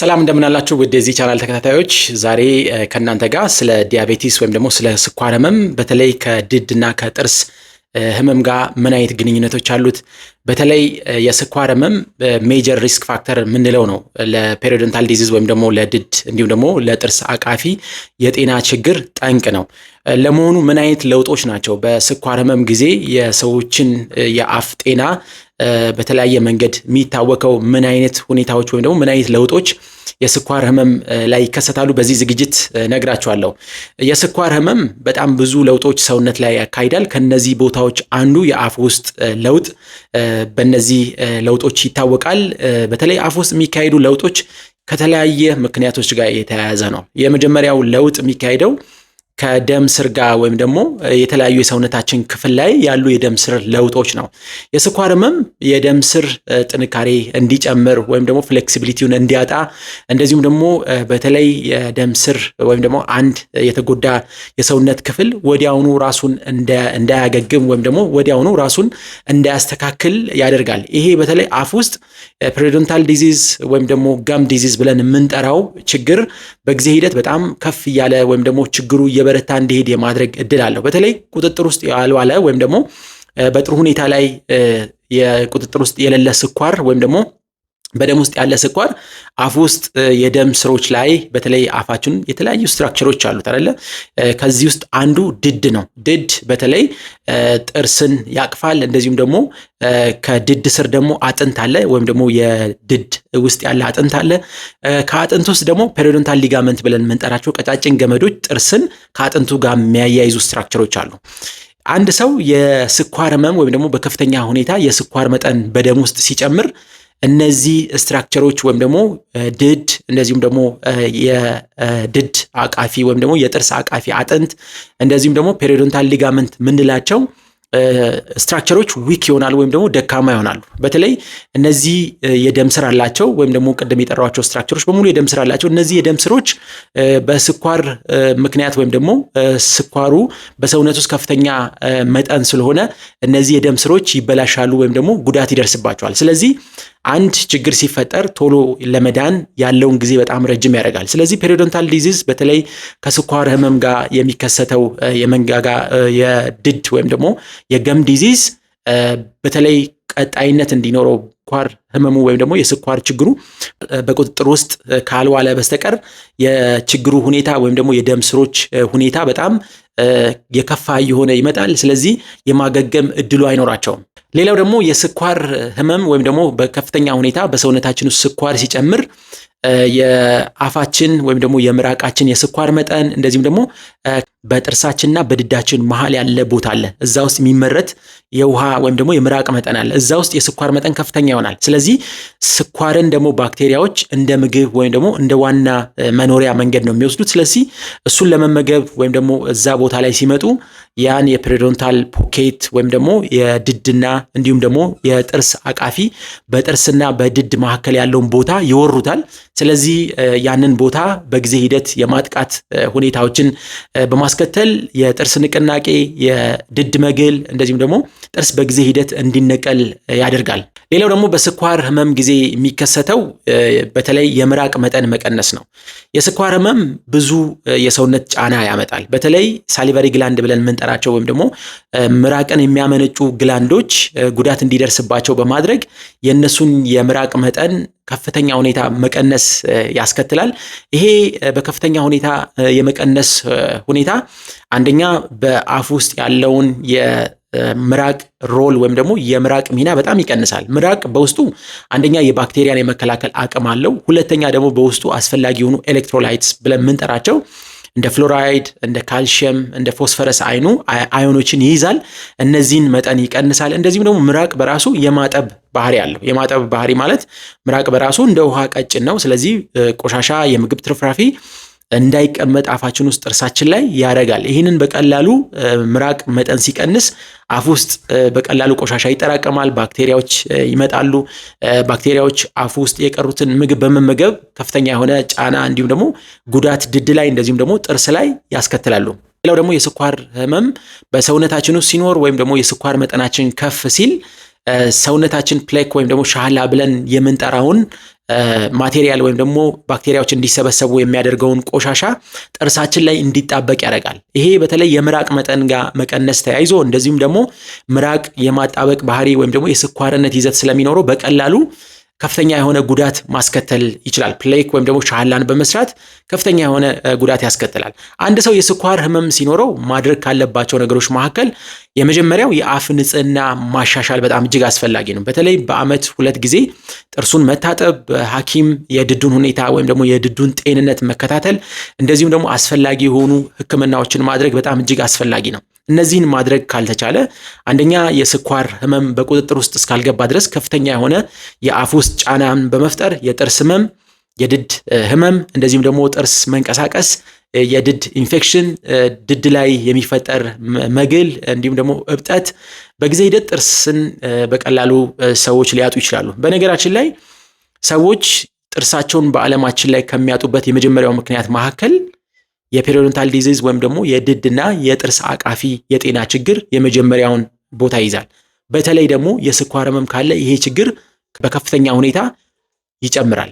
ሰላም እንደምናላችሁ ውድ የዚህ ቻናል ተከታታዮች፣ ዛሬ ከእናንተ ጋር ስለ ዲያቤቲስ ወይም ደግሞ ስለ ስኳር ህመም በተለይ ከድድና ከጥርስ ህመም ጋር ምን አይነት ግንኙነቶች አሉት፣ በተለይ የስኳር ህመም ሜጀር ሪስክ ፋክተር የምንለው ነው ለፔሪዶንታል ዲዚዝ ወይም ደግሞ ለድድ እንዲሁም ደግሞ ለጥርስ አቃፊ የጤና ችግር ጠንቅ ነው። ለመሆኑ ምን አይነት ለውጦች ናቸው በስኳር ህመም ጊዜ የሰዎችን የአፍ ጤና በተለያየ መንገድ የሚታወቀው ምን አይነት ሁኔታዎች ወይም ደግሞ ምን አይነት ለውጦች የስኳር ህመም ላይ ይከሰታሉ በዚህ ዝግጅት ነግራቸዋለሁ። የስኳር ህመም በጣም ብዙ ለውጦች ሰውነት ላይ ያካሂዳል። ከነዚህ ቦታዎች አንዱ የአፍ ውስጥ ለውጥ በነዚህ ለውጦች ይታወቃል። በተለይ አፍ ውስጥ የሚካሄዱ ለውጦች ከተለያየ ምክንያቶች ጋር የተያያዘ ነው። የመጀመሪያው ለውጥ የሚካሄደው ከደም ስር ጋር ወይም ደግሞ የተለያዩ የሰውነታችን ክፍል ላይ ያሉ የደም ስር ለውጦች ነው። የስኳር ህመም የደም ስር ጥንካሬ እንዲጨምር ወይም ደግሞ ፍሌክሲቢሊቲውን እንዲያጣ እንደዚሁም ደግሞ በተለይ የደም ስር ወይም ደግሞ አንድ የተጎዳ የሰውነት ክፍል ወዲያውኑ ራሱን እንዳያገግም ወይም ደግሞ ወዲያውኑ ራሱን እንዳያስተካክል ያደርጋል። ይሄ በተለይ አፍ ውስጥ ፕሬዶንታል ዲዚዝ ወይም ደግሞ ጋም ዲዚዝ ብለን የምንጠራው ችግር በጊዜ ሂደት በጣም ከፍ እያለ ወይም ደግሞ ችግሩ እየበረታ እንዲሄድ የማድረግ እድል አለው። በተለይ ቁጥጥር ውስጥ ያልዋለ ወይም ደግሞ በጥሩ ሁኔታ ላይ የቁጥጥር ውስጥ የሌለ ስኳር ወይም ደግሞ በደም ውስጥ ያለ ስኳር አፍ ውስጥ የደም ስሮች ላይ በተለይ አፋችን የተለያዩ ስትራክቸሮች አሉት አይደለ? ከዚህ ውስጥ አንዱ ድድ ነው። ድድ በተለይ ጥርስን ያቅፋል። እንደዚሁም ደግሞ ከድድ ስር ደግሞ አጥንት አለ፣ ወይም ደግሞ የድድ ውስጥ ያለ አጥንት አለ። ከአጥንት ውስጥ ደግሞ ፔሪዶንታል ሊጋመንት ብለን የምንጠራቸው ቀጫጭን ገመዶች ጥርስን ከአጥንቱ ጋር የሚያያይዙ ስትራክቸሮች አሉ። አንድ ሰው የስኳር ህመም ወይም ደግሞ በከፍተኛ ሁኔታ የስኳር መጠን በደም ውስጥ ሲጨምር እነዚህ ስትራክቸሮች ወይም ደግሞ ድድ እንደዚሁም ደግሞ የድድ አቃፊ ወይም ደግሞ የጥርስ አቃፊ አጥንት እንደዚሁም ደግሞ ፔሪዶንታል ሊጋመንት ምንላቸው ስትራክቸሮች ዊክ ይሆናሉ ወይም ደግሞ ደካማ ይሆናሉ። በተለይ እነዚህ የደም ስር አላቸው ወይም ደግሞ ቅድም የጠሯቸው ስትራክቸሮች በሙሉ የደም ስር አላቸው። እነዚህ የደም ስሮች በስኳር ምክንያት ወይም ደግሞ ስኳሩ በሰውነት ውስጥ ከፍተኛ መጠን ስለሆነ እነዚህ የደም ስሮች ይበላሻሉ ወይም ደግሞ ጉዳት ይደርስባቸዋል። ስለዚህ አንድ ችግር ሲፈጠር ቶሎ ለመዳን ያለውን ጊዜ በጣም ረጅም ያደርጋል። ስለዚህ ፔሪዶንታል ዲዚዝ በተለይ ከስኳር ህመም ጋር የሚከሰተው የመንጋጋ የድድ ወይም ደግሞ የገም ዲዚዝ በተለይ ቀጣይነት እንዲኖረው ስኳር ህመሙ ወይም ደግሞ የስኳር ችግሩ በቁጥጥር ውስጥ ካልዋለ በስተቀር የችግሩ ሁኔታ ወይም ደግሞ የደም ስሮች ሁኔታ በጣም የከፋ እየሆነ ይመጣል። ስለዚህ የማገገም እድሉ አይኖራቸውም። ሌላው ደግሞ የስኳር ህመም ወይም ደግሞ በከፍተኛ ሁኔታ በሰውነታችን ውስጥ ስኳር ሲጨምር የአፋችን ወይም ደግሞ የምራቃችን የስኳር መጠን እንደዚሁም ደግሞ በጥርሳችንና በድዳችን መሀል ያለ ቦታ አለ። እዛ ውስጥ የሚመረት የውሃ ወይም ደግሞ የምራቅ መጠን አለ። እዛ ውስጥ የስኳር መጠን ከፍተኛ ይሆናል። ስለዚህ ስኳርን ደግሞ ባክቴሪያዎች እንደ ምግብ ወይም ደግሞ እንደ ዋና መኖሪያ መንገድ ነው የሚወስዱት። ስለዚህ እሱን ለመመገብ ወይም ደግሞ እዛ ቦታ ላይ ሲመጡ ያን የፕሬዶንታል ፖኬት ወይም ደግሞ የድድና እንዲሁም ደግሞ የጥርስ አቃፊ በጥርስና በድድ መካከል ያለውን ቦታ ይወሩታል። ስለዚህ ያንን ቦታ በጊዜ ሂደት የማጥቃት ሁኔታዎችን በማ በማስከተል የጥርስ ንቅናቄ፣ የድድ መግል እንደዚሁም ደግሞ ጥርስ በጊዜ ሂደት እንዲነቀል ያደርጋል። ሌላው ደግሞ በስኳር ህመም ጊዜ የሚከሰተው በተለይ የምራቅ መጠን መቀነስ ነው። የስኳር ህመም ብዙ የሰውነት ጫና ያመጣል። በተለይ ሳሊቨሪ ግላንድ ብለን የምንጠራቸው ወይም ደግሞ ምራቅን የሚያመነጩ ግላንዶች ጉዳት እንዲደርስባቸው በማድረግ የእነሱን የምራቅ መጠን ከፍተኛ ሁኔታ መቀነስ ያስከትላል። ይሄ በከፍተኛ ሁኔታ የመቀነስ ሁኔታ አንደኛ በአፍ ውስጥ ያለውን የምራቅ ሮል ወይም ደግሞ የምራቅ ሚና በጣም ይቀንሳል። ምራቅ በውስጡ አንደኛ የባክቴሪያን የመከላከል አቅም አለው። ሁለተኛ ደግሞ በውስጡ አስፈላጊ የሆኑ ኤሌክትሮላይትስ ብለን የምንጠራቸው እንደ ፍሎራይድ፣ እንደ ካልሽየም፣ እንደ ፎስፈረስ አይኑ አዮኖችን ይይዛል። እነዚህን መጠን ይቀንሳል። እንደዚሁም ደግሞ ምራቅ በራሱ የማጠብ ባህሪ አለው። የማጠብ ባህሪ ማለት ምራቅ በራሱ እንደ ውሃ ቀጭን ነው። ስለዚህ ቆሻሻ፣ የምግብ ትርፍራፊ እንዳይቀመጥ አፋችን ውስጥ እርሳችን ላይ ያደርጋል። ይህንን በቀላሉ ምራቅ መጠን ሲቀንስ አፍ ውስጥ በቀላሉ ቆሻሻ ይጠራቀማል፣ ባክቴሪያዎች ይመጣሉ። ባክቴሪያዎች አፍ ውስጥ የቀሩትን ምግብ በመመገብ ከፍተኛ የሆነ ጫና እንዲሁም ደግሞ ጉዳት ድድ ላይ እንደዚሁም ደግሞ ጥርስ ላይ ያስከትላሉ። ሌላው ደግሞ የስኳር ህመም በሰውነታችን ውስጥ ሲኖር ወይም ደግሞ የስኳር መጠናችን ከፍ ሲል ሰውነታችን ፕሌክ ወይም ደግሞ ሻህላ ብለን የምንጠራውን ማቴሪያል ወይም ደግሞ ባክቴሪያዎች እንዲሰበሰቡ የሚያደርገውን ቆሻሻ ጥርሳችን ላይ እንዲጣበቅ ያደርጋል። ይሄ በተለይ የምራቅ መጠን ጋር መቀነስ ተያይዞ እንደዚሁም ደግሞ ምራቅ የማጣበቅ ባህሪ ወይም ደግሞ የስኳርነት ይዘት ስለሚኖረው በቀላሉ ከፍተኛ የሆነ ጉዳት ማስከተል ይችላል። ፕሌክ ወይም ደግሞ ሻህላን በመስራት ከፍተኛ የሆነ ጉዳት ያስከትላል። አንድ ሰው የስኳር ህመም ሲኖረው ማድረግ ካለባቸው ነገሮች መካከል የመጀመሪያው የአፍ ንጽህና ማሻሻል በጣም እጅግ አስፈላጊ ነው። በተለይ በዓመት ሁለት ጊዜ ጥርሱን መታጠብ፣ በሐኪም የድዱን ሁኔታ ወይም ደግሞ የድዱን ጤንነት መከታተል፣ እንደዚሁም ደግሞ አስፈላጊ የሆኑ ህክምናዎችን ማድረግ በጣም እጅግ አስፈላጊ ነው። እነዚህን ማድረግ ካልተቻለ አንደኛ የስኳር ህመም በቁጥጥር ውስጥ እስካልገባ ድረስ ከፍተኛ የሆነ የአፍ ውስጥ ጫናን በመፍጠር የጥርስ ህመም፣ የድድ ህመም እንደዚሁም ደግሞ ጥርስ መንቀሳቀስ፣ የድድ ኢንፌክሽን፣ ድድ ላይ የሚፈጠር መግል እንዲሁም ደግሞ እብጠት በጊዜ ሂደት ጥርስን በቀላሉ ሰዎች ሊያጡ ይችላሉ። በነገራችን ላይ ሰዎች ጥርሳቸውን በዓለማችን ላይ ከሚያጡበት የመጀመሪያው ምክንያት መካከል የፔሪዮዶንታል ዲዚዝ ወይም ደግሞ የድድና የጥርስ አቃፊ የጤና ችግር የመጀመሪያውን ቦታ ይይዛል። በተለይ ደግሞ የስኳር ህመም ካለ ይሄ ችግር በከፍተኛ ሁኔታ ይጨምራል።